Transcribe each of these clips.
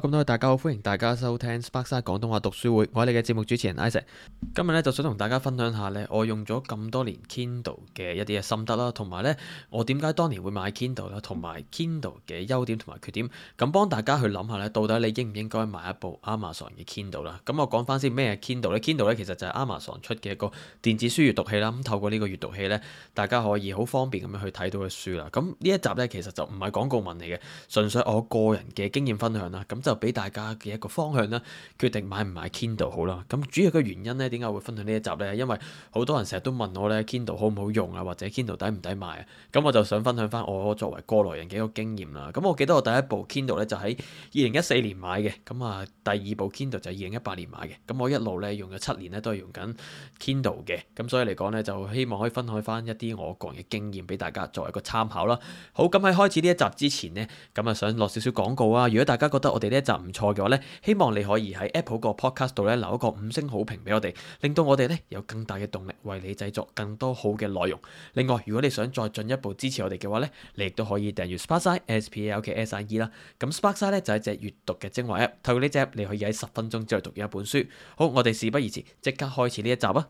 咁多位，大家好，歡迎大家收聽 Spark 山廣東話讀書會，我係你嘅節目主持人 Isaac。今日咧就想同大家分享下咧，我用咗咁多年 Kindle 嘅一啲嘅心得啦，同埋咧我點解當年會買 Kindle 啦，同埋 Kindle 嘅優點同埋缺點，咁幫大家去諗下咧，到底你應唔應該買一部 Amazon 嘅 Kindle 啦？咁我講翻先咩係 Kindle 咧？Kindle 咧其實就係 Amazon 出嘅一個電子書閱讀器啦。咁透過呢個閱讀器咧，大家可以好方便咁樣去睇到嘅書啦。咁呢一集咧其實就唔係廣告文嚟嘅，純粹我個人嘅經驗分享啦。咁就俾大家嘅一個方向啦，決定買唔買 Kindle 好啦。咁主要嘅原因呢，點解會分享呢一集呢？因為好多人成日都問我呢，Kindle 好唔好用啊，或者 Kindle 抵唔抵買啊。咁我就想分享翻我作為過來人嘅一個經驗啦。咁我記得我第一部 Kindle 呢，就喺二零一四年買嘅，咁啊第二部 Kindle 就二零一八年買嘅。咁我一路呢，用咗七年呢，都係用緊 Kindle 嘅，咁所以嚟講呢，就希望可以分享翻一啲我個人嘅經驗俾大家作為一個參考啦。好，咁喺開始呢一集之前呢，咁啊想落少少廣告啊。如果大家覺得我你呢一集唔錯嘅話咧，希望你可以喺 Apple 個 Podcast 度咧留一個五星好評俾我哋，令到我哋咧有更大嘅動力為你製作更多好嘅內容。另外，如果你想再進一步支持我哋嘅話咧，你亦都可以訂閱 Sparksie S P L K S I E 啦。咁 Sparksie 咧就係隻閱讀嘅精華 App，透過呢隻 App 你可以喺十分鐘之內讀完一本書。好，我哋事不宜遲，即刻開始呢一集啊！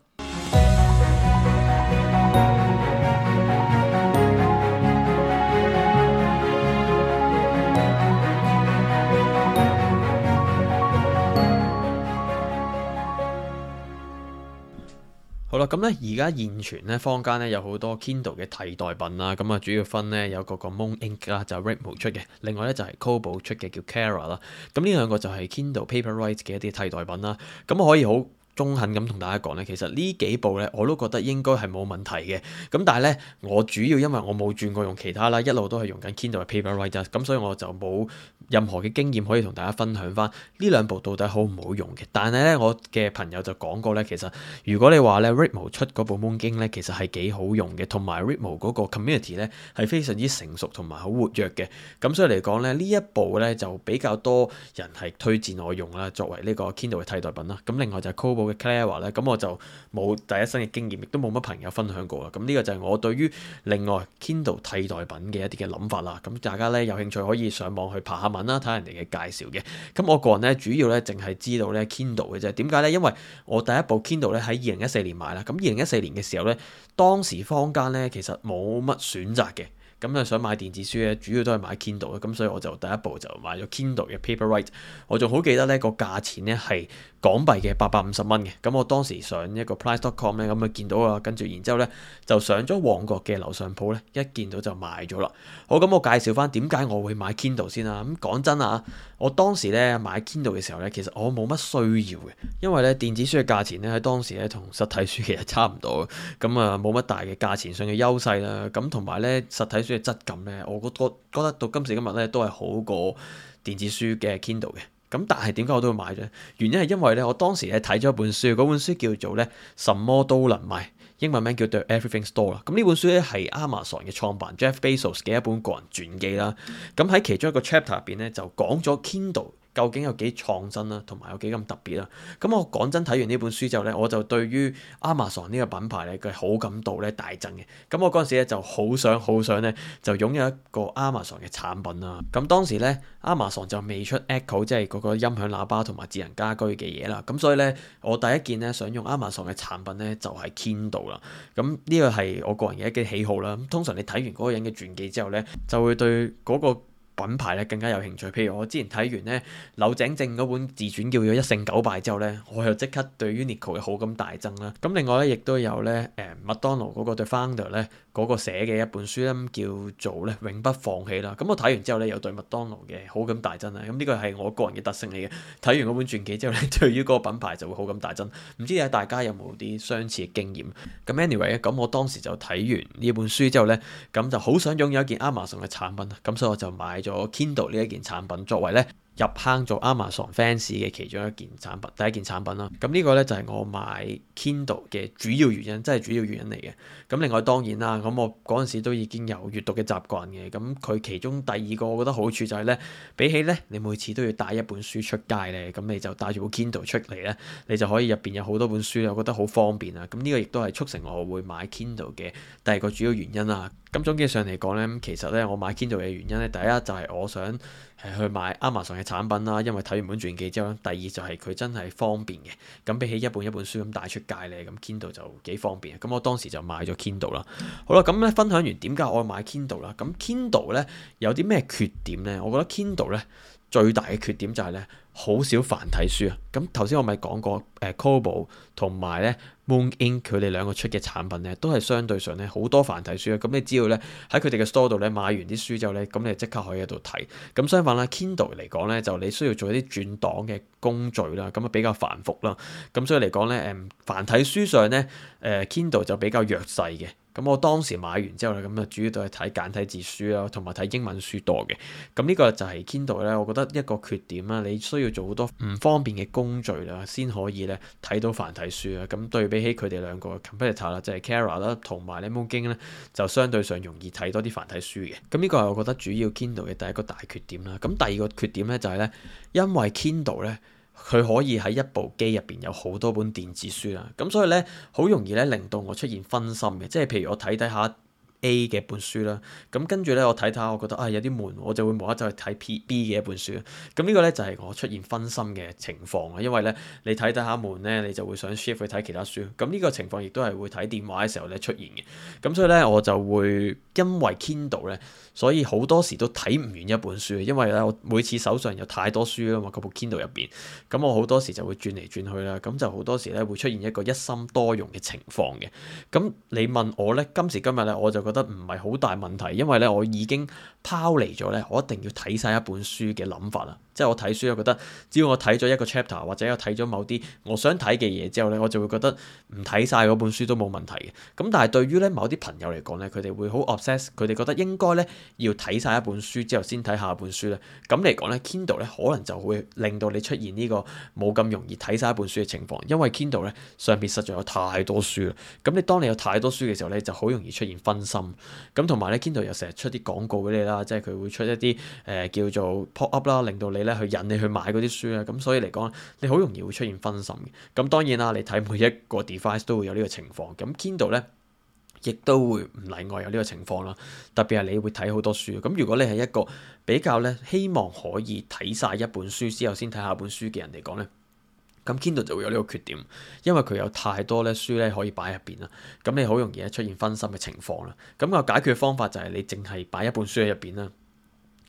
咁咧，而家現存咧，坊間咧有好多 Kindle 嘅替代品啦。咁啊，主要分咧有嗰個 mooInk 啦，就 Readmoo 出嘅；另外咧就係 Kobo 出嘅，叫 Kara 啦。咁呢兩個就係 Kindle Paperwhite 嘅一啲替代品啦。咁可以好中肯咁同大家講咧，其實呢幾部咧我都覺得應該係冇問題嘅。咁但係咧，我主要因為我冇轉過用其他啦，一路都係用緊 Kindle 嘅 Paperwhite 啦。咁所以我就冇任何嘅經驗可以同大家分享返呢兩部到底好唔好用嘅？但係呢，我嘅朋友就講過呢：「其實如果你話呢 Ritmo 出嗰部 Moon King 呢，其實係幾好用嘅，同埋 Ritmo 嗰個 community 呢，係非常之成熟同埋好活躍嘅。咁所以嚟講呢，呢一部呢就比較多人係推薦我用啦，作為呢個 Kindle 嘅替代品啦。咁另外就係 Kobo 嘅 Clara 呢，咁我就冇第一身嘅經驗，亦都冇乜朋友分享過啊。咁呢個就係我對於另外 Kindle 替代品嘅一啲嘅諗法啦。咁大家呢，有興趣可以上網去拍下問啦，睇人哋嘅介紹嘅，咁我個人咧主要咧淨係知道咧 Kindle 嘅啫，點解咧？因為我第一部 Kindle 咧喺二零一四年買啦，咁二零一四年嘅時候咧，當時坊間咧其實冇乜選擇嘅。咁咧想買電子書咧，主要都係買 Kindle 嘅，咁所以我就第一步就買咗 Kindle 嘅 Paperwhite。我仲好記得呢個價錢呢係港幣嘅八百五十蚊嘅。咁我當時上一個 Price dot com 呢，咁啊見到啊，跟住然之後呢就上咗旺角嘅樓上鋪呢一見到就買咗啦。好，咁我介紹翻點解我會買 Kindle 先啦。咁講真啊，我當時呢買 Kindle 嘅時候呢，其實我冇乜需要嘅，因為呢電子書嘅價錢呢，喺當時呢同實體書其實差唔多嘅，咁啊冇乜大嘅價錢上嘅優勢啦。咁同埋呢實體書，嘅質感咧，我覺覺得到今時今日咧都係好過電子書嘅 Kindle 嘅，咁但係點解我都會買咧？原因係因為咧，我當時咧睇咗一本書，嗰本書叫做咧《什麼都能賣》，英文名叫 The Everything Store 啦。咁呢本書咧係 Amazon 嘅創辦 Jeff Bezos 嘅一本個人傳記啦。咁喺其中一個 chapter 入邊咧就講咗 Kindle。究竟有幾創新啦，同埋有幾咁特別啦。咁我講真睇完呢本書之後呢，我就對於 Amazon 呢個品牌呢，嘅好感度呢大增嘅。咁我嗰陣時咧就好想好想呢，就擁有一個 Amazon 嘅產品啦。咁當時呢 Amazon 就未出 Echo，即係嗰個音響喇叭同埋智能家居嘅嘢啦。咁所以呢，我第一件呢，想用 Amazon 嘅產品呢，就係 Kindle 啦。咁呢個係我個人嘅一啲喜好啦。咁通常你睇完嗰個人嘅傳記之後呢，就會對嗰個品牌咧更加有興趣，譬如我之前睇完咧柳井正嗰本自傳叫做《一勝九敗》之後咧，我又即刻對於 Uniqlo 嘅好感大增啦。咁另外咧亦都有咧誒麥當勞嗰個對 founder 咧嗰、嗰個寫嘅一本書咧叫做咧永不放棄啦。咁、嗯、我睇完之後咧又對麥當勞嘅好感大增啦。咁呢個係我個人嘅特性嚟嘅，睇完嗰本傳記之後咧，對於嗰個品牌就會好感大增。唔知大家有冇啲相似嘅經驗？咁 anyway 咁、嗯、我當時就睇完呢本書之後咧，咁、嗯、就好想擁有一件 Amazon 嘅產品，咁所以我就買咗 Kindle 呢一件產品作為咧。入坑做 Amazon Fans 嘅其中一件產品，第一件產品咯。咁呢個呢，就係我買 Kindle 嘅主要原因，真係主要原因嚟嘅。咁另外當然啦，咁我嗰陣時都已經有閱讀嘅習慣嘅。咁佢其中第二個我覺得好處就係呢，比起呢，你每次都要帶一本書出街咧，咁你就帶住部 Kindle 出嚟呢，你就可以入邊有好多本書，我覺得好方便啊。咁呢個亦都係促成我會買 Kindle 嘅第二個主要原因啦。咁總結上嚟講呢，其實呢，我買 Kindle 嘅原因呢，第一就係我想去買 Amazon 嘅產品啦，因為睇完本傳記之後，第二就係佢真係方便嘅。咁比起一本一本書咁帶出街咧，咁 Kindle 就幾方便。咁我當時就買咗 Kindle 啦。好啦，咁咧分享完點解我買 Kindle 啦，咁 Kindle 咧有啲咩缺點咧？我覺得 Kindle 咧。最大嘅缺點就係咧，好少繁體書啊。咁頭先我咪講過，誒、呃、Kobo 同埋咧 Moon Ink 佢哋兩個出嘅產品咧，都係相對上咧好多繁體書。咁你只要咧喺佢哋嘅 store 度咧買完啲書之後咧，咁你即刻可以喺度睇。咁相反啦 Kindle 嚟講咧，就你需要做一啲轉檔嘅工序啦，咁啊比較繁複啦。咁所以嚟講咧，誒繁體書上咧，誒、呃、Kindle 就比較弱勢嘅。咁我當時買完之後咧，咁啊主要都係睇簡體字書啦，同埋睇英文書多嘅。咁呢個就係 Kindle 咧，我覺得一個缺點啦，你需要做好多唔方便嘅工序啦，先可以咧睇到繁體書啦。咁對比起佢哋兩個 competitor 啦，就係 Kara 啦，同埋呢 mooInk 咧，就相對上容易睇多啲繁體書嘅。咁呢個係我覺得主要 Kindle 嘅第一個大缺點啦。咁第二個缺點咧就係咧，因為 Kindle 咧。佢可以喺一部機入邊有好多本電子書啦，咁所以咧好容易咧令到我出現分心嘅，即係譬如我睇睇下。A 嘅本書啦，咁跟住咧，我睇睇下，我覺得啊、哎、有啲悶，我就會冇啦啦走去睇 P B 嘅一本書。咁呢個咧就係、是、我出現分心嘅情況啊，因為咧你睇睇下悶咧，你就會想 shift 去睇其他書。咁呢個情況亦都係會睇電話嘅時候咧出現嘅。咁所以咧我就會因為 Kindle 咧，所以好多時都睇唔完一本書，因為咧我每次手上有太多書啊嘛，嗰部 Kindle 入邊。咁我好多時就會轉嚟轉去啦，咁就好多時咧會出現一個一心多用嘅情況嘅。咁你問我咧，今時今日咧，我就覺得。得唔係好大問題，因為咧我已經拋離咗咧，我一定要睇晒一本書嘅諗法啦。即係我睇書，我覺得只要我睇咗一個 chapter 或者我睇咗某啲我想睇嘅嘢之後呢，我就會覺得唔睇晒嗰本書都冇問題嘅。咁但係對於呢某啲朋友嚟講呢，佢哋會好 obsess，佢哋覺得應該呢要睇晒一本書之後先睇下一本書呢。咁嚟講呢，Kindle 呢可能就會令到你出現呢個冇咁容易睇晒一本書嘅情況，因為 Kindle 呢上邊實在有太多書啦。咁你當你有太多書嘅時候呢，就好容易出現分心。咁同埋呢，Kindle 又成日出啲廣告俾你啦，即係佢會出一啲誒、呃、叫做 pop up 啦，令到你，咧去引你去買嗰啲書咧，咁所以嚟講，你好容易會出現分心嘅。咁當然啦，你睇每一個 device 都會有呢個情況。咁 Kindle 咧，亦都會唔例外有呢個情況啦。特別係你會睇好多書。咁如果你係一個比較咧希望可以睇晒一本書之後先睇下本書嘅人嚟講咧，咁 Kindle 就會有呢個缺點，因為佢有太多咧書咧可以擺入邊啦。咁你好容易咧出現分心嘅情況啦。咁個解決方法就係你淨係擺一本書喺入邊啦。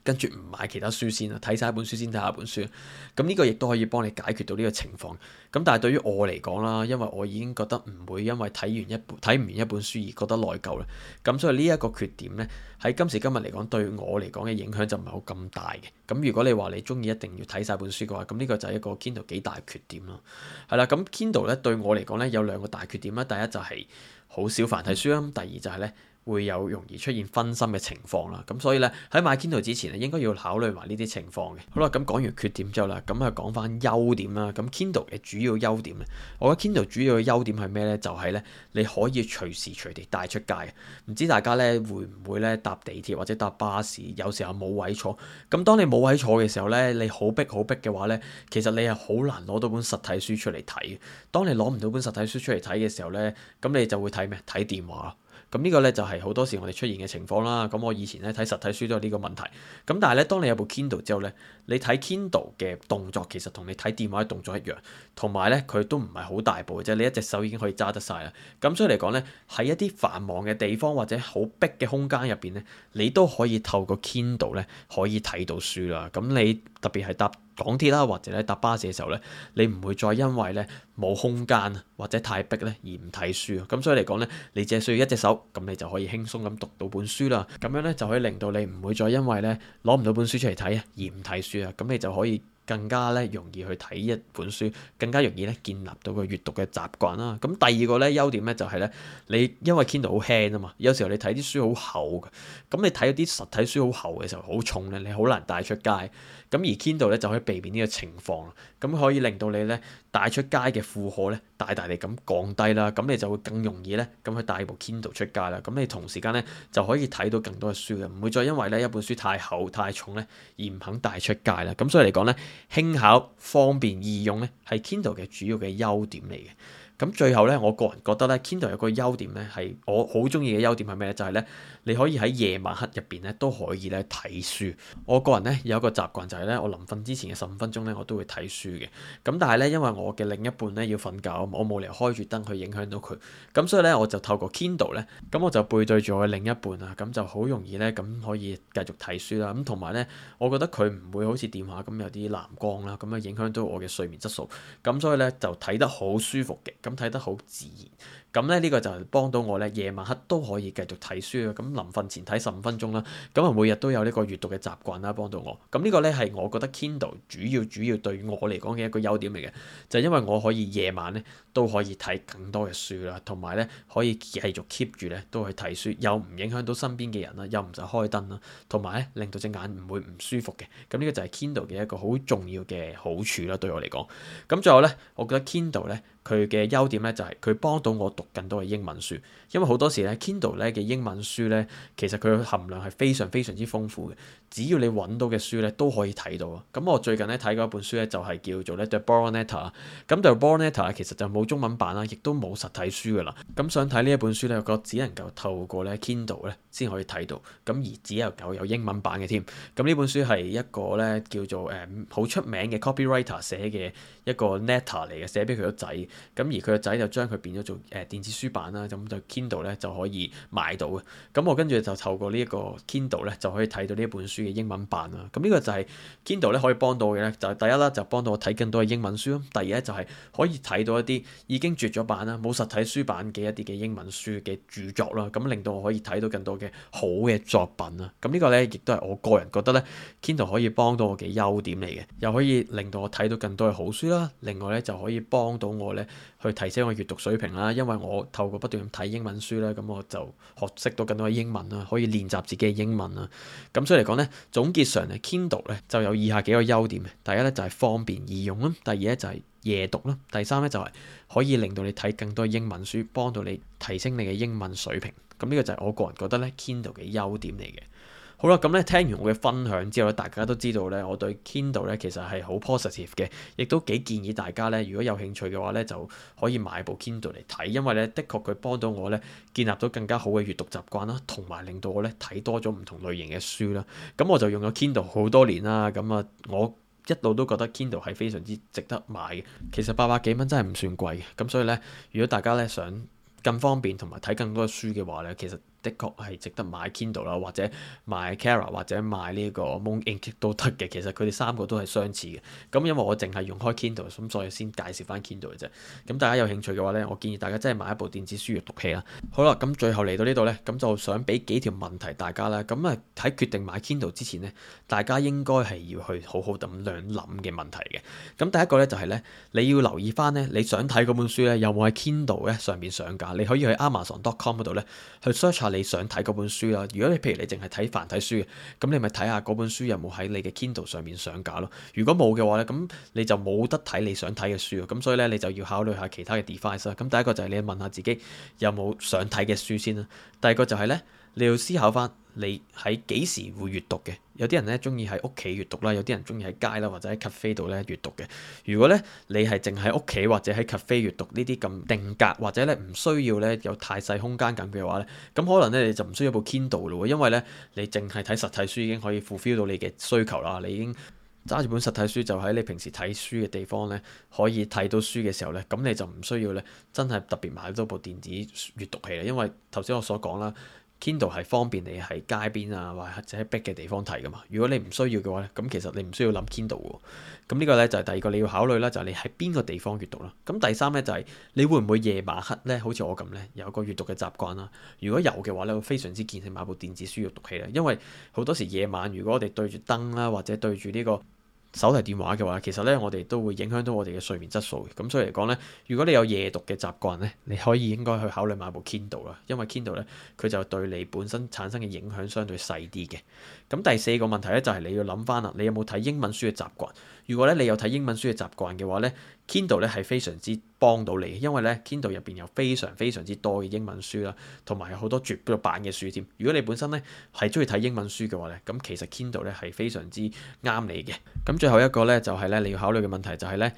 跟住唔買其他書先啦，睇晒一本書先睇下一本書，咁呢個亦都可以幫你解決到呢個情況。咁但係對於我嚟講啦，因為我已經覺得唔會因為睇完一本、睇唔完一本書而覺得內疚啦。咁所以呢一個缺點咧，喺今時今日嚟講對我嚟講嘅影響就唔係好咁大嘅。咁如果你話你中意一定要睇晒本書嘅話，咁呢個就係一個 Kindle 幾大缺點咯。係啦，咁 Kindle 咧對我嚟講咧有兩個大缺點啦。第一就係好少繁體書啦，第二就係咧，會有容易出現分心嘅情況啦，咁所以咧喺買 Kindle 之前咧，應該要考慮埋呢啲情況嘅。好啦，咁講完缺點之後啦，咁啊講返優點啦。咁 Kindle 嘅主要優點，我覺得 Kindle 主要嘅優點係咩咧？就係咧你可以隨時隨地帶出街。唔知大家咧會唔會咧搭地鐵或者搭巴士，有時候冇位坐。咁當你冇位坐嘅時候咧，你好逼好逼嘅話咧，其實你係好難攞到本實體書出嚟睇。當你攞唔到本實體書出嚟睇嘅時候咧，咁你就會睇咩？睇電話。咁呢個咧就係好多時我哋出現嘅情況啦。咁我以前咧睇實體書都有呢個問題。咁但係咧，當你有部 Kindle 之後咧，你睇 Kindle 嘅動作其實同你睇電話嘅動作一樣，同埋咧佢都唔係好大部嘅啫。你一隻手已經可以揸得晒啦。咁所以嚟講咧，喺一啲繁忙嘅地方或者好逼嘅空間入邊咧，你都可以透過 Kindle 咧可以睇到書啦。咁你特別係搭港鐵啦，或者咧搭巴士嘅時候咧，你唔會再因為咧冇空間或者太逼咧而唔睇書啊。咁所以嚟講咧，你只需要一隻手，咁你就可以輕鬆咁讀到本書啦。咁樣咧就可以令到你唔會再因為咧攞唔到本書出嚟睇而唔睇書啊。咁你就可以更加咧容易去睇一本書，更加容易咧建立到個閱讀嘅習慣啦。咁第二個咧優點咧就係咧，你因為 Kindle 好輕啊嘛，有時候你睇啲書好厚嘅，咁你睇啲實體書好厚嘅時候好重咧，你好難帶出街。咁而 Kindle 咧就可以避免呢個情況，咁可以令到你咧帶出街嘅負荷咧大大地咁降低啦，咁你就會更容易咧咁去帶部 Kindle 出街啦，咁你同時間咧就可以睇到更多嘅書嘅，唔會再因為咧一本書太厚太重咧而唔肯帶出街啦，咁所以嚟講咧，輕巧方便易用咧，係 Kindle 嘅主要嘅優點嚟嘅。咁最後咧，我個人覺得咧 Kindle 有個優點咧係我好中意嘅優點係咩咧？就係咧。你可以喺夜晚黑入邊咧都可以咧睇書。我個人咧有一個習慣就係咧，我臨瞓之前嘅十五分鐘咧，我都會睇書嘅。咁但係咧，因為我嘅另一半咧要瞓覺，我冇理由開住燈去影響到佢。咁所以咧，我就透過 Kindle 咧，咁我就背對住我嘅另一半啊，咁就好容易咧咁可以繼續睇書啦。咁同埋咧，我覺得佢唔會好似電話咁有啲藍光啦，咁樣影響到我嘅睡眠質素。咁所以咧就睇得好舒服嘅，咁睇得好自然。咁咧呢，呢個就幫到我咧夜晚黑都可以繼續睇書啊。咁臨瞓前睇十五分鐘啦，咁啊每日都有呢個閱讀嘅習慣啦、啊，幫到我。咁呢個咧係我覺得 Kindle 主要主要對我嚟講嘅一個優點嚟嘅，就係，因為我可以夜晚咧都可以睇更多嘅書啦，同埋咧可以繼續 keep 住咧都去睇書，又唔影響到身邊嘅人啦，又唔使開燈啦，同埋咧令到隻眼唔會唔舒服嘅。咁呢個就係 Kindle 嘅一個好重要嘅好處啦，對我嚟講。咁最後咧，我覺得 Kindle 咧。佢嘅優點咧就係佢幫到我讀更多嘅英文書，因為好多時咧 Kindle 咧嘅英文書咧，其實佢嘅含量係非常非常之豐富嘅，只要你揾到嘅書咧都可以睇到啊。咁我最近咧睇過一本書咧就係叫做 The Born Letter。咁 The Born Letter 其實就冇中文版啦，亦都冇實體書噶啦。咁想睇呢一本書咧，我覺得只能夠透過咧 Kindle 咧先可以睇到。咁而只有夠有英文版嘅添。咁呢本書係一個咧叫做誒好、嗯、出名嘅 copywriter 寫嘅一個 letter 嚟嘅，寫俾佢個仔。咁而佢個仔就將佢變咗做誒電子書版啦，咁就 Kindle 咧就可以買到嘅。咁我跟住就透過呢一個 Kindle 咧，就可以睇到呢一本書嘅英文版啦。咁呢個就係 Kindle 咧可以幫到我嘅咧，就第一啦就幫到我睇更多嘅英文書咯。第二咧就係可以睇到一啲已經絕咗版啦、冇實體書版嘅一啲嘅英文書嘅著作啦，咁令到我可以睇到更多嘅好嘅作品啦。咁呢個咧亦都係我個人覺得咧，Kindle 可以幫到我嘅優點嚟嘅，又可以令到我睇到更多嘅好書啦。另外咧就可以幫到我咧。去提升我閱讀水平啦，因為我透過不斷睇英文書咧，咁我就學識到更多嘅英文啦，可以練習自己嘅英文啦。咁所以嚟講咧，總結上咧 Kindle 咧就有以下幾個優點嘅，第一咧就係方便易用啦，第二咧就係夜讀啦，第三咧就係可以令到你睇更多英文書，幫到你提升你嘅英文水平。咁呢個就係我個人覺得咧 Kindle 嘅優點嚟嘅。好啦，咁呢聽完我嘅分享之後呢，大家都知道呢，我對 Kindle 呢其實係好 positive 嘅，亦都幾建議大家呢，如果有興趣嘅話呢，就可以買部 Kindle 嚟睇，因為呢，的確佢幫到我呢，建立到更加好嘅閱讀習慣啦，同埋令到我呢睇多咗唔同類型嘅書啦。咁我就用咗 Kindle 好多年啦，咁啊，我一路都覺得 Kindle 係非常之值得買嘅。其實八百幾蚊真係唔算貴嘅，咁所以呢，如果大家呢想更方便同埋睇更多嘅書嘅話呢，其實～的確係值得買 Kindle 啦，或者買 Kara 或者買呢個 Moon Ink 都得嘅。其實佢哋三個都係相似嘅。咁因為我淨係用開 Kindle，咁所以先介紹翻 Kindle 嘅啫。咁大家有興趣嘅話呢，我建議大家真係買一部電子書閱讀器啦。好啦，咁最後嚟到呢度呢，咁就想俾幾條問題大家咧。咁啊喺決定買 Kindle 之前呢，大家應該係要去好好咁樣諗嘅問題嘅。咁第一個呢，就係呢：你要留意翻呢，你想睇嗰本書呢，有冇喺 Kindle 嘅上面上架。你可以去 Amazon.com 度呢，去 search 下。你想睇嗰本書啦，如果你譬如你淨係睇繁體書嘅，咁你咪睇下嗰本書有冇喺你嘅 Kindle 上面上架咯。如果冇嘅話咧，咁你就冇得睇你想睇嘅書啊。咁所以咧，你就要考慮下其他嘅 device 啦。咁第一個就係你問下自己有冇想睇嘅書先啦。第二個就係咧，你要思考翻。你喺幾時會閱讀嘅？有啲人咧，中意喺屋企閱讀啦，有啲人中意喺街啦，或者喺 cafe 度咧閱讀嘅。如果咧你係淨喺屋企或者喺 cafe 閱讀呢啲咁定格或者咧唔需要咧有太細空間感嘅話咧，咁可能咧你就唔需要部 Kindle 咯，因為咧你淨係睇實體書已經可以 fulfill 到你嘅需求啦。你已經揸住本實體書就喺你平時睇書嘅地方咧可以睇到書嘅時候咧，咁你就唔需要咧真係特別買多部電子閱讀器啦。因為頭先我所講啦。Kindle 係方便你喺街邊啊，或者喺逼嘅地方睇噶嘛。如果你唔需要嘅話咧，咁其實你唔需要諗 Kindle 喎。咁呢個咧就係第二個你要考慮啦，就係你喺邊個地方閱讀啦。咁第三咧就係你會唔會夜晚黑咧，好似我咁咧，有個閱讀嘅習慣啦。如果有嘅話咧，我非常之建議你買部電子書閱讀器啦，因為好多時夜晚如果我哋對住燈啦，或者對住呢個手提電話嘅話，其實咧我哋都會影響到我哋嘅睡眠質素嘅。咁所以嚟講咧，如果你有夜讀嘅習慣咧，你可以應該去考慮買部 Kindle 啦，因為 Kindle 咧佢就對你本身產生嘅影響相對細啲嘅。咁第四個問題咧就係你要諗翻啦，你有冇睇英文書嘅習慣？如果咧你有睇英文書嘅習慣嘅話咧。Kindle 咧係非常之幫到你，因為咧 Kindle 入邊有非常非常之多嘅英文書啦，同埋有好多絕版嘅書添。如果你本身咧係中意睇英文書嘅話咧，咁其實 Kindle 咧係非常之啱你嘅。咁、嗯、最後一個咧就係、係、咧你要考慮嘅問題就係咧。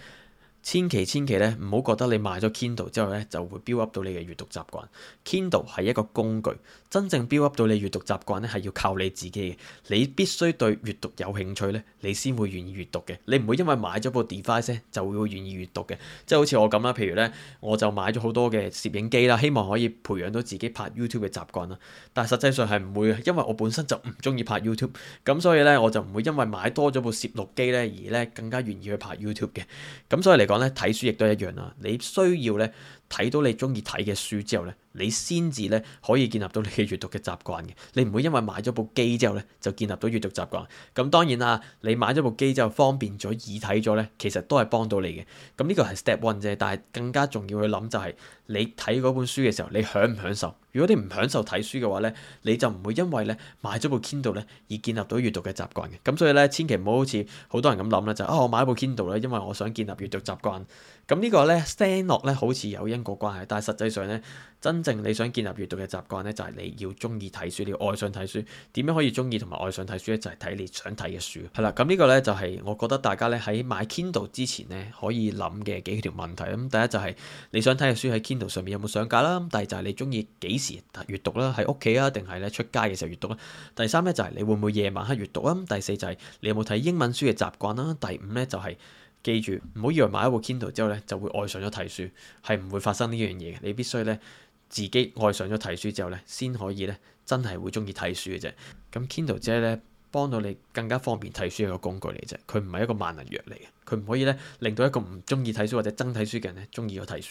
千祈千祈咧，唔好覺得你買咗 Kindle 之後咧就會 build up 到你嘅閱讀習慣。Kindle 係一個工具，真正 build up 到你閱讀習慣咧係要靠你自己嘅。你必須對閱讀有興趣咧，你先會願意閱讀嘅。你唔會因為買咗部 device 咧就會願意閱讀嘅。即係好似我咁啦，譬如咧，我就買咗好多嘅攝影機啦，希望可以培養到自己拍 YouTube 嘅習慣啦。但係實際上係唔會，因為我本身就唔中意拍 YouTube，咁所以咧我就唔會因為買多咗部攝錄機咧而咧更加願意去拍 YouTube 嘅。咁所以嚟講。咧睇書亦都一樣啦，你需要咧。睇到你中意睇嘅書之後咧，你先至咧可以建立到你嘅閱讀嘅習慣嘅。你唔會因為買咗部機之後咧就建立到閱讀習慣。咁當然啦，你買咗部機之後方便咗易睇咗咧，其實都係幫到你嘅。咁呢個係 step one 啫，但係更加重要去諗就係、是、你睇嗰本書嘅時候，你享唔享受？如果你唔享受睇書嘅話咧，你就唔會因為咧買咗部 Kindle 咧而建立到閱讀嘅習慣嘅。咁所以咧，千祈唔好好似好多人咁諗咧，就啊、是哦、我買部 Kindle 咧，因為我想建立閱讀習慣。咁呢個咧聲落咧好似有因果關係，但係實際上咧，真正你想建立閱讀嘅習慣咧，就係你要中意睇書，你要愛上睇書。點樣可以中意同埋愛上睇書咧？就係睇你想睇嘅書。係啦，咁呢個咧就係我覺得大家咧喺買 Kindle 之前咧可以諗嘅幾條問題。咁第一就係你想睇嘅書喺 Kindle 上面有冇上架啦。咁第二就係你中意幾時閱讀啦，喺屋企啊定係咧出街嘅時候閱讀啦。第三咧就係你會唔會夜晚黑閱讀啊。咁第四就係你有冇睇英文書嘅習慣啦。第五咧就係。記住，唔好以為買一部 Kindle 之後咧，就會愛上咗睇書，係唔會發生呢樣嘢嘅。你必須咧，自己愛上咗睇書之後咧，先可以咧，真係會鍾意睇書嘅啫。咁 Kindle 即係咧。幫到你更加方便睇書嘅一個工具嚟啫，佢唔係一個萬能藥嚟嘅，佢唔可以咧令到一個唔中意睇書或者憎睇書嘅人咧中意咗睇書。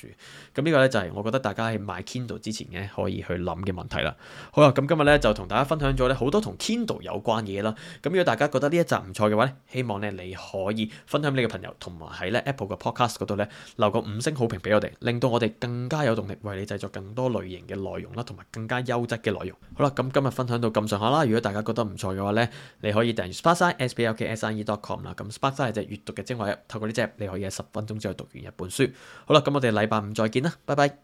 咁呢個咧就係、是，我覺得大家喺買 Kindle 之前咧可以去諗嘅問題啦。好啦，啊，咁今日咧就同大家分享咗咧好多同 Kindle 有關嘅嘢啦。咁如果大家覺得呢一集唔錯嘅話咧，希望咧你可以分享俾你嘅朋友，同埋喺 Apple 嘅 Podcast 度咧留個五星好評俾我哋，令到我哋更加有動力為你製作更多類型嘅內容啦，同埋更加優質嘅內容。好啦，啊，咁今日分享到咁上下啦。如果大家覺得唔錯嘅話咧，你可以訂閱 Sparksine、SBLK、SRE.com 啦，咁 Sparksine 係隻閱讀嘅精華，透過呢隻你可以喺十分鐘之內讀完一本書。好啦，咁我哋禮拜五再見啦，拜拜。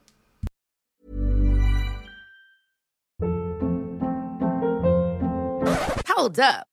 Hold up。